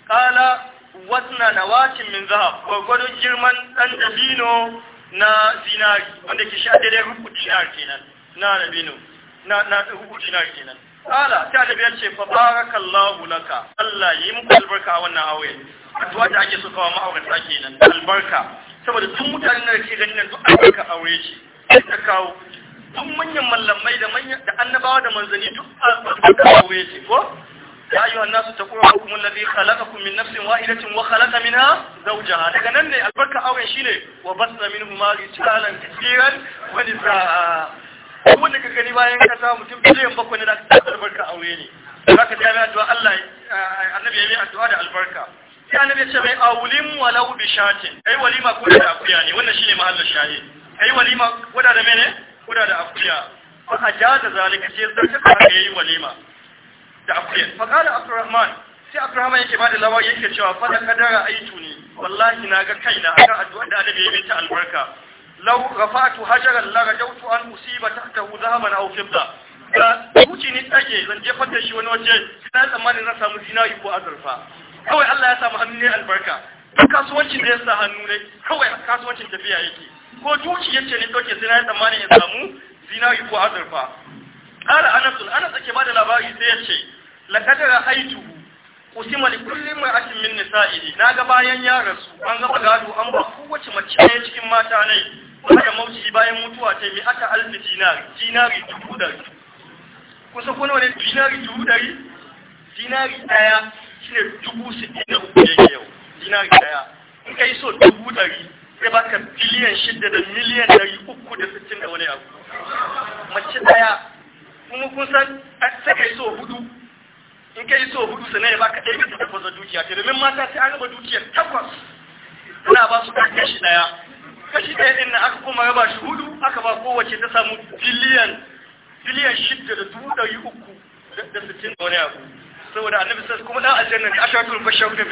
قال وزن نواة من ذهب وقالوا girman أن دفينو na zinari wanda ke sha daidai rubu dinar kenan na rabinu na na rubu dinar kenan ala ta da biyar ce fa barakallahu laka Allah yi muku albarka a wannan aure addu'a da ake so kawo ma'aurata kenan albarka saboda tun mutanen da ke ganin nan duk albarka aure ce ta kawo tun manyan mallamai da manyan da annabawa da manzanni duk albarka aure ce ko ya yi wa nasu taƙo hukumun lafi khalaqakum min nafsin wahidatin wa khalaqa minha zawjaha daga nan ne albarka auren ne? wa basna minhuma rijalan kaseeran wa nisaa kuma daga gani bayan kasa mutum biliyan bakwai ne da aka albarka aure ne zaka ta yi addu'a Allah annabi ya yi addu'a da albarka sai annabi ya ce mai awlim walau bi shatin ai walima ko da akuya ne wannan shine mahallin shahi ai walima ko da mene ko da akuya fa ajaza zalika sai zaka ka yi walima da akuyan faƙala abdurrahman sai abdurrahman yake ba da lawa yake cewa fada kadara aitu ne wallahi na ga kaina a kan addu'ar da annabi ya yi ta albarka law rafa'tu hajaran la rajawtu an usiba tahtahu dhahaban aw fidda da wuce ni tsage zan jefar da shi wani waje na tsammanin na samu zinari ko azurfa kawai Allah ya samu hannu ne albarka kasuwancin da ya sa hannu ne kawai kasuwancin tafiya yake ko dukiya ce ni dauke sai na tsammanin ya samu zinari ko azurfa قال انس انس كما ده labari sai yace laqad haitu usima li kulli mar'atin min nisa'ihi naga bayan ya rasu an ga gado an ba kowace mace ne cikin mata ne da mauci bayan mutuwa ta mi aka alfi dinari dinari dubu dari kusa kuna wani dinari dubu dari dinari ɗaya shine dubu sittin da uku yake yau dinari ɗaya in kai so dubu dari sai baka biliyan shida da miliyan dari uku da sittin da wani abu mace ɗaya kuma kun san sai kai so hudu in ka yi so hudu sannan ya baka ɗaya bisa takwas dukiya ta domin mata sai an raba dukiyar takwas ana ba su kashi ɗaya kashi ɗaya ɗin na aka kuma raba shi hudu aka ba kowace ta samu biliyan biliyan shidda da dubu ɗari uku da sittin da wani abu saboda annabi sai kuma ɗan aljanna da aka tulfa shagu da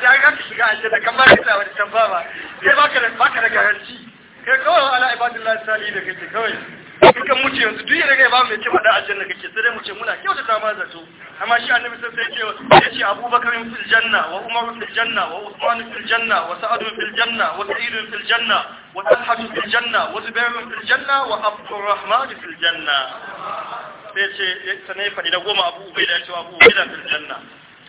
Sai an ga ka shiga aljanna kan ba ka sa wani tambaba sai baka da da garanti kai kawai ala ibadillahi salihin da kake kawai kakan muce yanzu duk yadda ba mai cewa da aljanna kake sai dai muce muna kyauta ta ma zato amma shi annabi sai sai ce ya ce abubakar fil janna wa umar fil janna wa usman fil janna wa sa'ad fil janna wa sa'id fil janna wa talha fil janna wa zubair fil janna wa abdurrahman fil janna sai ce sanai fadi da goma abu ubaida cewa abu ubaida fil janna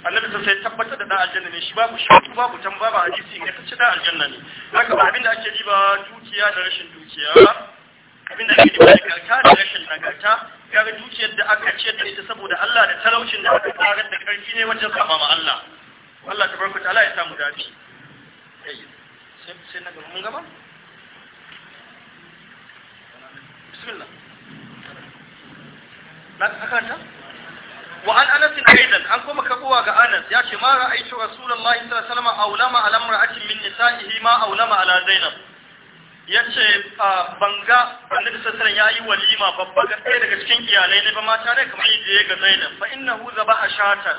annabi sun sai tabbatar da da aljanna ne shi babu shi babu tambaba hadisi ne ta ce da aljanna ne haka ba abinda ake ji ba dukiya da rashin dukiya abin da ake da nagarta da rashin nagarta gara dukiyar da aka ce da ita saboda Allah da talaucin da aka tsara da karfi ne wajen sama ma Allah Allah ta barka ta'ala ya samu dafi. sai na gaba mun gaba bismillah na akanta wa an anas aidan an kuma kabuwa ga anas ya ce ma ra'aytu rasulullahi sallallahu alaihi wasallam aulama ala mar'atin min nisa'ihi ma aulama zainab ya ce banga annabi sassan ya yi walima babba ga daga cikin iyalai ne ba mata ne kamar yadda ya ga zainab fa inna hu zaba a shatar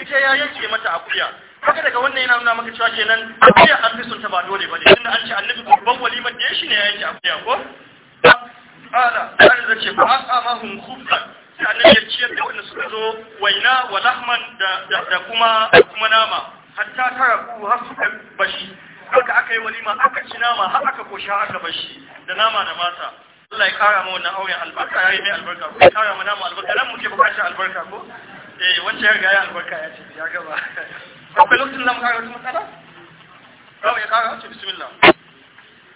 ita ya yanke mata akuya haka daga wannan yana nuna maka cewa kenan akuya an fi sunta ba dole ba ne tunda an ce annabi babban walima da ya shi ne ya yanke akuya ko ala ala zace ko an ama hum khubza sai annabi ya ciyar da wanda suka zo waina wa lahman da da kuma kuma nama hatta tara ku har suka bashi haka aka yi walima aka ci nama har aka koshi aka bashi da nama da mata Allah ya kara mana wannan auren albarka ya yi mai albarka ko kara mu albarka nan muke buƙata albarka ko eh wacce ya ga ya albarka ya ce ya gaba akwai lokacin da mu kara wata matsala ko ya kara ce bismillah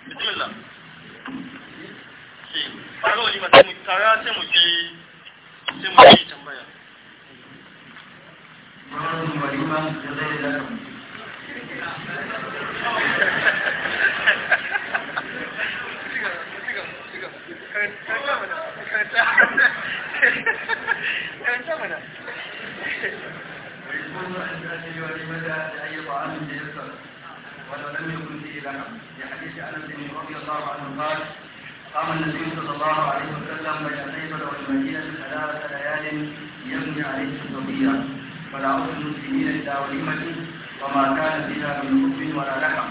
bismillah ce eh, fara walima ba mu tara sai mu je sai mu je tambaya Wani walima da zai da ويكون الأسئلة لماذا أي طعام ييسر ولو لم يكن فيه لحم لحديث أنس رضي الله عنه قال قام النبي صلى الله عليه وسلم بين خيبر والمدينة ثلاث ليال يبني عليه الصبية فدعوت المسلمين إلى وليمة وما كان فيها من لحم ولا لحم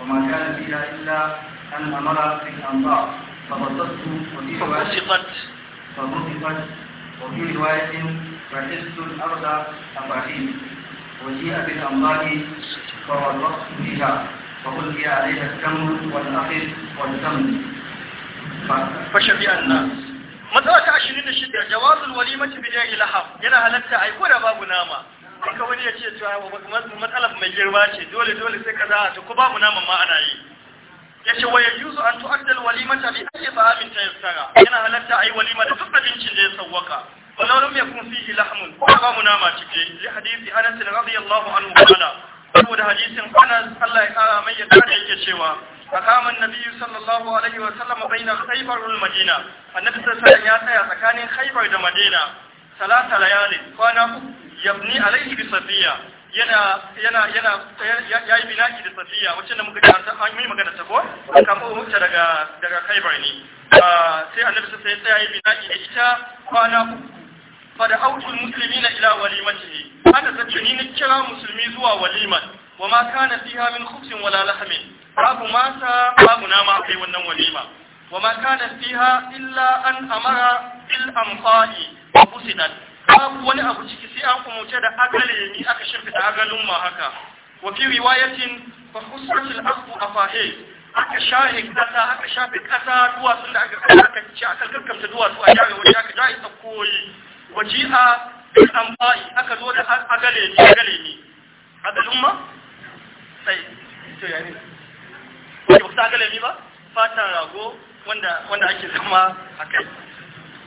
وما كان فيها إلا أن أمر بالأنصار فبطلت فبطلت وفي رواية فحزت الأرض أبعين وجيء بالأموال فوالوقت بها فقل يا ليت التمر والأخذ والتمر فشبه الناس مدرسة 26 جواز الوليمة بغير لحم يلا هل أنت أيقونا باب ناما أيقونا يتشيء تواه ومسألة مجرمات دولي دولي سكذا تقبام ناما ما أنا إيه ya ce waye yuzu an tu'addal walimata bi ayyi ta'amin tayassara yana halatta ai walima da duk abincin da ya sawwaka wala lam yakun fihi lahmun kama munama cike li hadisi Anas radiyallahu anhu kana saboda hadisin Anas Allah ya kara mai ya tare yake cewa akama annabi sallallahu alaihi wa sallam baina khaybarul madina annabi sallallahu alaihi wa ya tsaya tsakanin khaybar da madina salata layali kana yabni alaihi bi safiya yana yana yana ya yi da safiya wacce da muka ji an yi magana ta ko kafin wuce daga daga kaibar ne ah, sai annabi sai sai ya yi binaki da ita kwana uku fada aujul muslimina ila walimatihi ana zace ni na kira musulmi zuwa waliman wa ma kana fiha min khubsin wala lahmin babu mata babu nama kai wannan walima wa ma kana fiha illa an amara bil amqali wa babu wani abu ciki sai an umuce da agale ni aka shirfita agalin ma haka wa fi riwayatin fa husratil asbu afahe aka shahe kasa aka shafe kasa duwatsun da aka kasa aka ci aka karkamta duwatsu a jare wani aka jaye tsakoyi waji'a bil amba'i aka zo da agale ni agale ni agalin ma sai to yani ba ta agale ni ba fatan rago wanda wanda ake zama a akai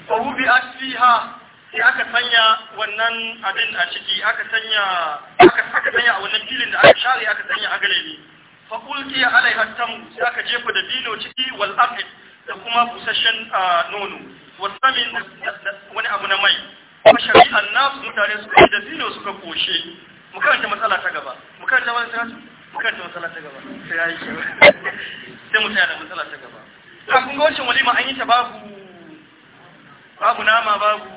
fa rubi'at fiha sai aka sanya wannan abin a ciki aka sanya aka sanya a wannan filin da aka share aka sanya agalele fa ulqi alaiha tamu sai aka jefa da dino ciki wal aqid da kuma busasshen nono wasamin wani abu na mai kuma shari'an nasu mutane su yi da dino suka koshe mu karanta matsala ta gaba mu karanta matsala ta gaba sai yayi (laughs) sai mu tsaya da matsala ta gaba Kafin kun ga wancan walima an yi ta babu babu nama babu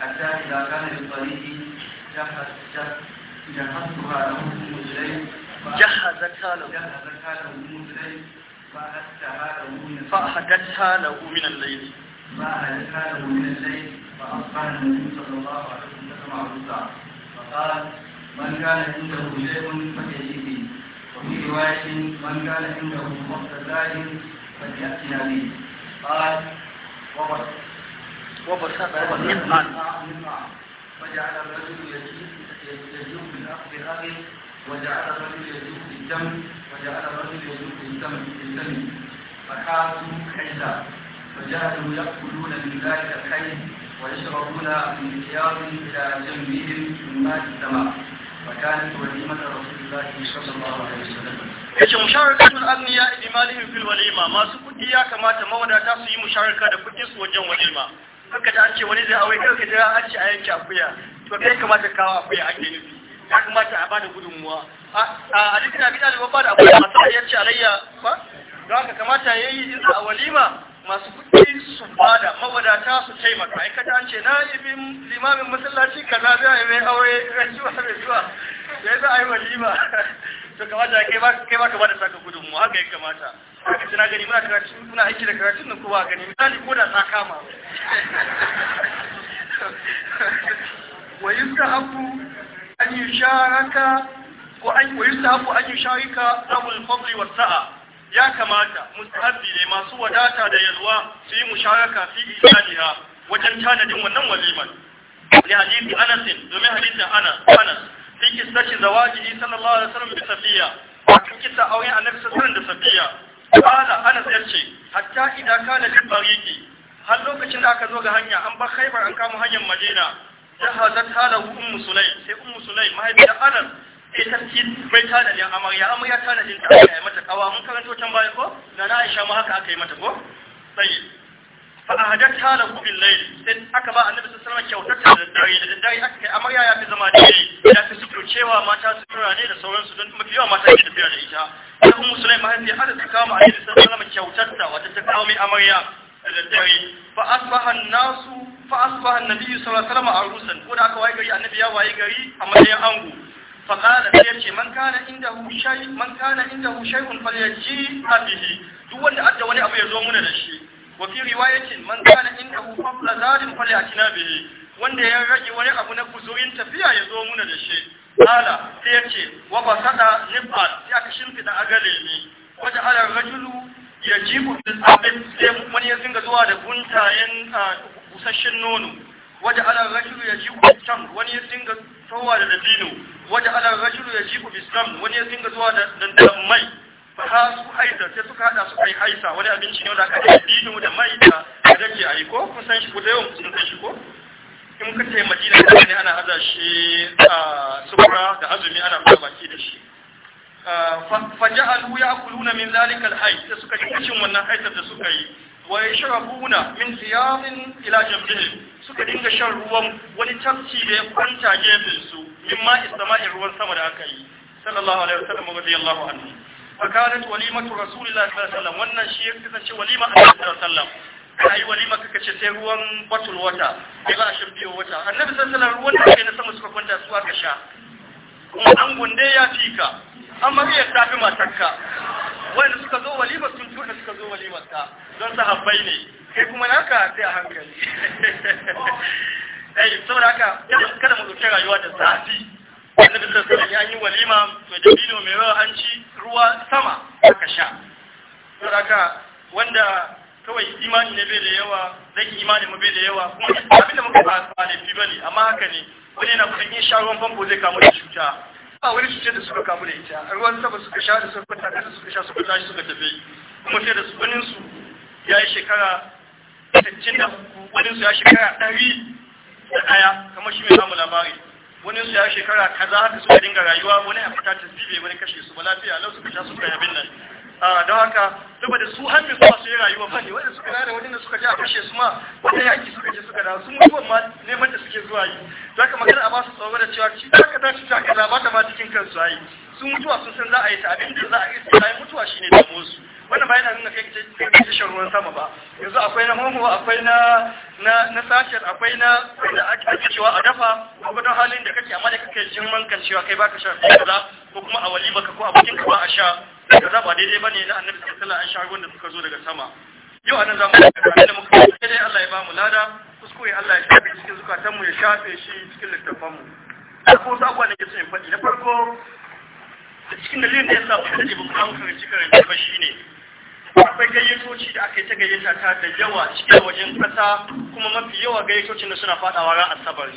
حتى إذا كان للطريق جهزتها له أم سليم جهزتها له جهزتها له أم فأحدثها له من الليل فأحدثها له من الليل فأصبح النبي صلى الله عليه وسلم الساعة فقال من كان عنده شيء فليأتي وفي رواية من كان عنده مقتل فليأتنا به قال وقد وبسط نقا فجعل الرجل يجوب بالاخذ هذه وجعل الرجل يجوب بالدم وجعل الرجل يجوب بالدم بالدم فحاكم حيزا فجعلوا ياكلون من ذلك الحي ويشربون من ثياب الى جنبهم من ماء السماء فكانت وليمه رسول الله صلى الله عليه وسلم yace musharakatul agniya bi malihim fil walima masu kudi ya kamata mawadata su yi musharaka da kudin su wajen walima haka da an ce wani zai aure kai ka jira an ce a yanke akuya to kai kamata kawo akuya ake nufi ya kamata a bada gudunmuwa a alikin abin da ba da akuya masu ya ce alayya ba don haka kamata ya yi inda a walima masu kuɗi su bada mawadata su taimaka ai kada an ce na ibin limamin masallaci kaza zai yi mai aure mai zuwa. ya za a yi walima (laughs) to kamata kai ba ka bada saka gudunmuwa haka ya kamata aka ci na gani muna karatu muna aiki da karatun nan kowa gani misali ko da ta kama wa yustahabu an yusharaka ko an wa yustahabu an abu abul fadli was sa'a ya kamata mustahabbi ne masu wadata da yalwa su yi musharaka fi ibadiha wajen tanadin wannan waliman li hadithi Anas domin hadisin Anas Anas fi kisati zawaji sallallahu alaihi wasallam bi Safiya a cikin auren Annabi sallallahu alaihi wasallam da Safiya ƙala ana tsarce hatta ida ka da limariki har lokacin da aka zo ga hanya an bar haibar an kama hanyar majina ya haza ta da hukun musulai sai hukun musulai mahaifiyar anan ke sarki mai tanadin amarya amarya tanadin ta aka yi mata kawa mun karanta wacan baya ko na na aisha ma haka aka yi mata ko sai fa ahadatha lahu bil layl sai aka ba annabi sallallahu alaihi wasallam kyautar da daddare da daddare aka kai amarya ya fi zama dai da ta sutura cewa mata sutura ne da sauransu don mafi yawa mata ke tafiya da ita sai kuma musulmai mahaifiyar hada ta kama annabi sallallahu alaihi wasallam kyautar ta wata ta kawo mai amarya da daddare fa asbaha nasu fa asbaha annabi sallallahu alaihi wasallam arusan ko da aka waye gari annabi ya waye gari a matsayin ango faƙala sai ya ce man kana inda hushai man kana inda hushai un falyajji abihi duk wanda adda wani abu ya zo muna da shi wa fi riwayatin man kana indahu fadla zalim falyatina bihi wanda ya rage wani abu na kuzoyin tafiya ya zo muna da shi ala sai ya ce wa ba sada nifal sai aka shimfida agale ne wajen ala rajulu ya ji kudin abin sai wani ya zinga zuwa da guntayen busasshen nono wajen ala rajulu ya ji kudin wani ya zinga zuwa da dabino wajen ala rajulu ya ji kudin wani ya zinga zuwa da mai fa su haisa sai suka hada su kai haisa wani abinci ne wanda aka yi dinu da mai da dake a yi ko kun san shi ko da yawan kun san shi ko in ka ce madina ta ne ana haza shi a sukura da azumi ana ruwa baki da shi Fa faja'alu ya'kuluna min zalika al-hayy sai suka ci cin wannan haisar da suka yi wa yashrabuna min thiyamin ila jambihi suka dinga shan ruwan wani tafci da ya kwanta gefen su ma istama'in ruwan sama da aka yi sallallahu alaihi wasallam radiyallahu anhu fakanat walimatu rasulillahi sallallahu alaihi wasallam wannan shi ya kasance walima a sallallahu alaihi ai walima kaka ce sai ruwan batul wata sai ba a shimfiyo wata annabi sallallahu alaihi wasallam ruwan da kai na sama suka kwanta su aka sha kuma an gunde ya fika amma iya tafi matarka wanda suka zo walima sun tuna suka zo walima ta don sahabbai ne kai kuma naka sai a hankali ai saboda haka kada mu dauki rayuwa da zafi annabi sallallahu alaihi wasallam ya yi walima to dabino mai yawa hanci ruwa sama aka sha saboda wanda kawai imani ne bai da yawa zai imani mu bai da yawa kuma abin da muka ba fara fi bane amma haka ne wani yana kudin yin ruwan famfo zai kamu da cuta ba wani cuta da suka kamu da ita ruwan sama suka sha da suka kwanta da suka sha suka tashi suka tafi kuma sai da su wani su ya yi shekara sittin da uku wani su ya shekara ɗari da ɗaya kamar shi mai samu labari wani su ya shekara kaza haka suka dinga rayuwa wani a fita tasiri wani kashe su ba lafiya lau suka su suka yabin nan A'a don haka saboda su har mai kuma yi rayuwa ba ne wanda suka rada wajen da suka ji a kashe su ma wata yaki suka je suka dawo sun mutuwan ma neman da suke zuwa yi za ka magana a ba su tsoro da cewa ci ta ka ci ta kaza ba ta ma cikin kansu a yi sun mutuwa sun san za a yi ta abin da za a yi ta yi mutuwa shine da su. wannan bayan nuna kai kai tashar ruwan sama ba yanzu akwai na homo akwai na na na sashen akwai na da ake cewa a dafa ko don halin da kake amma da kake jin mankan cewa kai baka sha kaza ko kuma a wali baka ko abokin ka ba a sha kaza ba daidai bane na annabi sallallahu alaihi wasallam da shawo suka zo daga sama yau anan zamu ga da muka daidai Allah ya ba mu lada kuskure Allah ya shafe cikin zukatan mu ya shafe shi cikin littafan mu ko sabuwa ne ke so in faɗi na farko da cikin dalilin da yasa mu ba ku an karanci karanta ba shine akwai gayyatoci da aka yi ta gayyata ta da yawa cikin wajen kasa kuma mafi yawa gayyatocin da suna fadawa ran asabar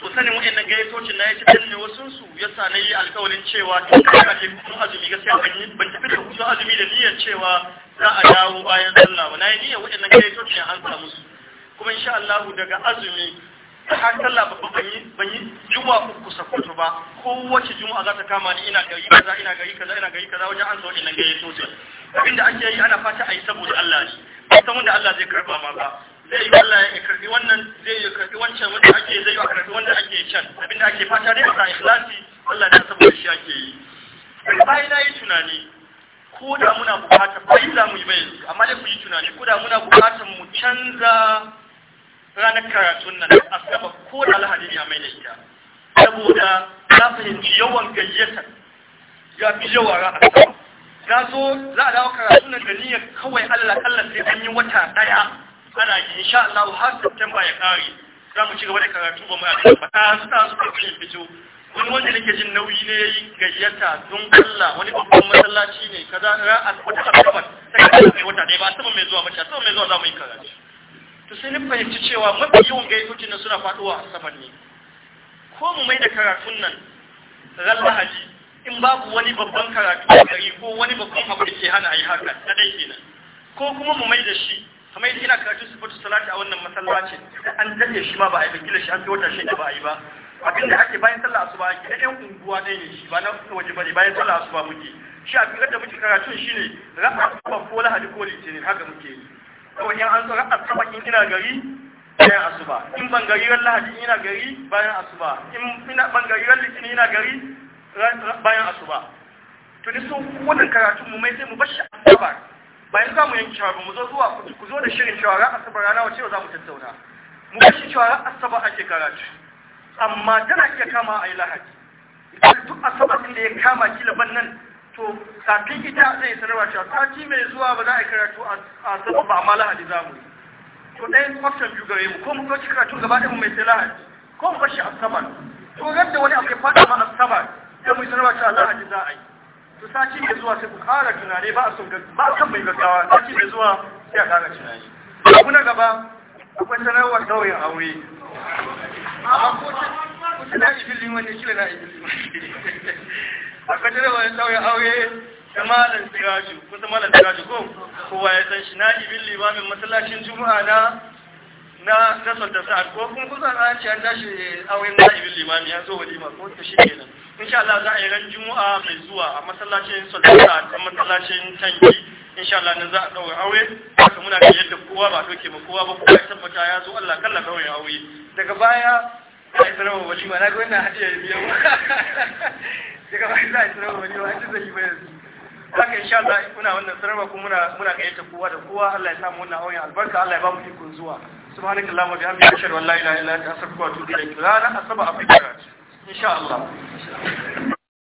to sanin wa'annan gaitocin na ya ci danne wasu su ya sa na yi alkawalin cewa tun da ke kuma azumi gaskiya ban yi ban tafi da kusa azumi da niyyar cewa za a dawo bayan sallah ba na yi niyyar wa'annan gaitocin an samu su kuma insha Allah daga azumi har sallah ba ban yi ban yi juma'a uku sakoto ba kowace juma'a za ta kama ni ina gari kaza ina gari kaza ina gari kaza wajen an zo wa'annan gaitocin abinda ake yi ana fata a yi saboda Allah ne ba san wanda Allah zai karba ma ba zai yi Allah ya karbi wannan zai yi karbi wancan wanda ake zai yi karbi wanda ake can abinda ake fata dai a sa ikhlasi Allah ya saboda shi ake yi bai na yi tunani ko da muna bukatar bai za mu yi bai amma dai ku yi tunani ko da muna bukatar mu canza ranar karatun nan asaba ko da Alhaji ya mai da ita saboda na fahimci yawan gayyata ya fi yawa ra'a na zo za a dawo karatun nan da niyyar kawai Allah Allah sai an yi wata daya ana yi insha Allah har September ya kare za mu ci gaba da karatu ba mu a ba ta su ta su kafin fito wani wanda nake jin nauyi ne yayi gayyata don Allah wani babban masallaci ne kaza ra'a wata September ta ka ce wata dai ba sama mai zuwa ba sama mai zuwa za mu yi karatu to sai na fahimci cewa mafi yawan gayyatocin na suna faduwa a saman ne ko mu mai da karatun nan ran lahadi in babu wani babban karatu a gari ko wani babban abu da ke hana a yi haka na dai kenan ko kuma mu mai da shi kamar yadda ina karatu sifatu salati a wannan masallaci an dade shi ma ba a yi bigila shi an fi wata shi da ba a yi ba abin da ake bayan sallah asuba ake da yan unguwa ɗaya ne shi ba na waje ba ne bayan sallah asuba muke shi a fiye da muke karatun shi ne ra'a saba ko lahadi ko litinin haka muke yi kawai yan an zo ra'a saba in ina gari bayan asuba in ban gari ran lahadi ina gari bayan asuba in ina ban gari ran litinin ina gari bayan asuba to ni so wannan karatun mu mai sai mu bar shi asuba bayan za mu yanki cewa ba mu zo zuwa ku zo da shirin shawara asabar rana wacce za mu tattauna mu kashi shawara asabar ake karatu amma tana iya kama a yi lahadi duk asabar din da ya kama kila ban nan to kafin ita zai sanarwa cewa sati mai zuwa ba za a yi karatu a asabar ba amma lahadi za mu yi to ɗayan kwaftan biyu gare mu ko mu ɗauki karatu gaba ɗaya mu mai sai lahadi ko mu bar shi asabar to yadda wani abu ya faɗa ma asabar sai mu yi sanarwa cewa lahadi za a yi to sati mai zuwa sai ku kara tunani ba a son ba kan mai gaggawa sati mai zuwa sai a kara tunani abu na gaba akwai sanarwar sauyin aure na ibilin wani kila na ibilin akwai sanarwar sauyin aure da malam siraju kusa malam siraju ko kowa ya san shi na ibin mai masallacin juma'a na na kasar da sa'ad ko kuma kusa an ce an tashi auren na ibin limami ya zo walima ko ta shi kenan insha Allah za a yi ran juma'a mai zuwa a masallacin sallata a masallacin tanki insha Allah nan za a daura aure haka muna da yadda kowa ba doke ba kowa ba kowa ya tabbata ya zo Allah kalla daura aure daga baya za a yi sanarwa wani ma na ga wannan hadiya ya biya (laughs) daga baya za a yi sanarwa wani ma hadiya zai yi ba yanzu haka insha Allah muna wannan sarrafa kuma muna muna gayyata kowa da kowa Allah ya samu wannan aure albarka Allah ya ba mu ikon zuwa subhanakallahumma bihamdika ashhadu an la ilaha illa anta astaghfiruka wa atubu ilaik rana asaba a insha Allah